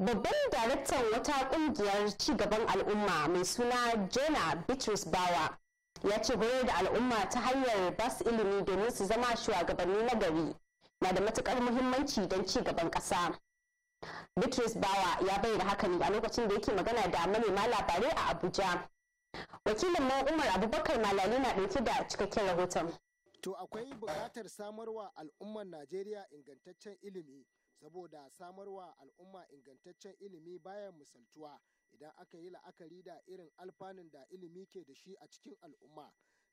Babban daraktan wata kungiyar cigaban al'umma mai suna Jona Bitrus Bawa ya ce horar da al'umma ta hanyar bas ilimi domin su zama shugabanni na gari na da matukar muhimmanci don ci gaban ƙasa. Bitrus Bawa ya bayyana haka ne a lokacin da yake magana da manema labarai a Abuja. Wakilin Umar Abubakar Malali na ɗauke da cikakken rahoton. To akwai buƙatar samarwa al'ummar Najeriya ingantaccen ilimi, saboda samarwa al'umma ingantaccen ilimi bayan misaltuwa idan aka yi la'akari da irin alfanun da ilimi ke da shi a cikin al'umma.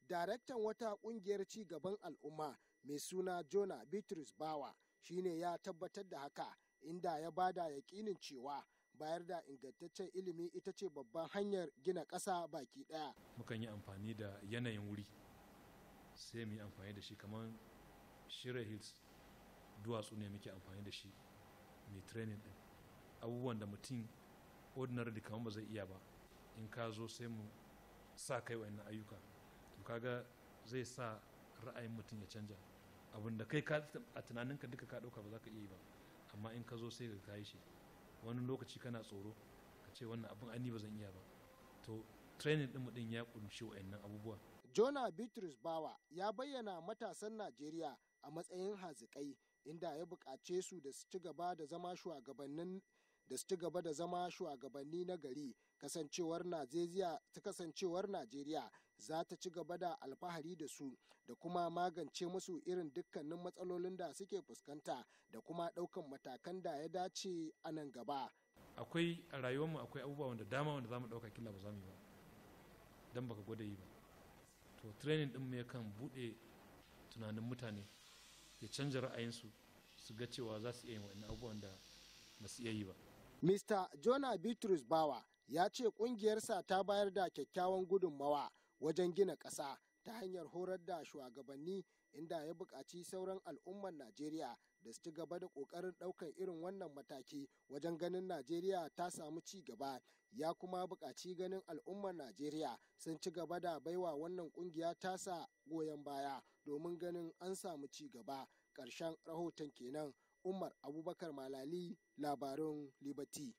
Daraktan wata ƙungiyar ci gaban al'umma mai suna Jona Bitrus Bawa shine ya tabbatar da haka inda ya bada yaƙinin cewa bayar da ingantaccen ilimi ita ce babban hanyar gina ƙasa baki ɗaya. Mukan yi amfani da yanayin wuri. sai mu yi amfani da shi kamar shira hills duwatsu ne muke amfani da shi mai training din abubuwan da mutum ordinary kamar ba zai iya ba in ka zo sai mu sa kai wa'annan ayyuka to kaga zai sa ra'ayin mutum ya canja abin da kai a tunaninka duka ka ɗauka ba za ka iya yi ba amma in ka zo sai ka yi shi wani lokaci kana tsoro ka ce wannan abin ani ba zan iya ba to training din mu ɗin ya ƙunshi wa'annan abubuwa Jona Bitrus Bawa ya bayyana matasan Najeriya a matsayin hazikai inda ya buƙace su da su ci gaba da zama shugabannin da su ci gaba da zama shugabanni na gari kasancewar Najeriya ta kasancewar Najeriya za ta ci gaba da alfahari da su da kuma magance musu irin dukkanin matsalolin da suke fuskanta da kuma ɗaukan matakan da ya dace a nan gaba. Akwai a rayuwarmu akwai abubuwa wanda dama wanda za mu ɗauka ba za mu yi ba don baka gwada yi ba. to training din mai kan bude tunanin mutane ya canza ra'ayinsu su ga cewa za su iya yin wani abubuwan da ba su iya yi ba mr jonah bitrus bawa ya ce kungiyarsa ta bayar da kyakkyawan gudunmawa wajen gina ƙasa ta hanyar horar da shugabanni inda ya buƙaci sauran al'ummar Najeriya da su ci gaba da ƙoƙarin ɗaukar irin wannan mataki wajen ganin Najeriya ta samu ci gaba ya kuma buƙaci ganin al'ummar Najeriya sun ci gaba da baiwa wannan ƙungiya tasa goyon baya domin ganin an samu ci gaba ƙarshen rahoton kenan Umar Abubakar Malali labarin Liberty.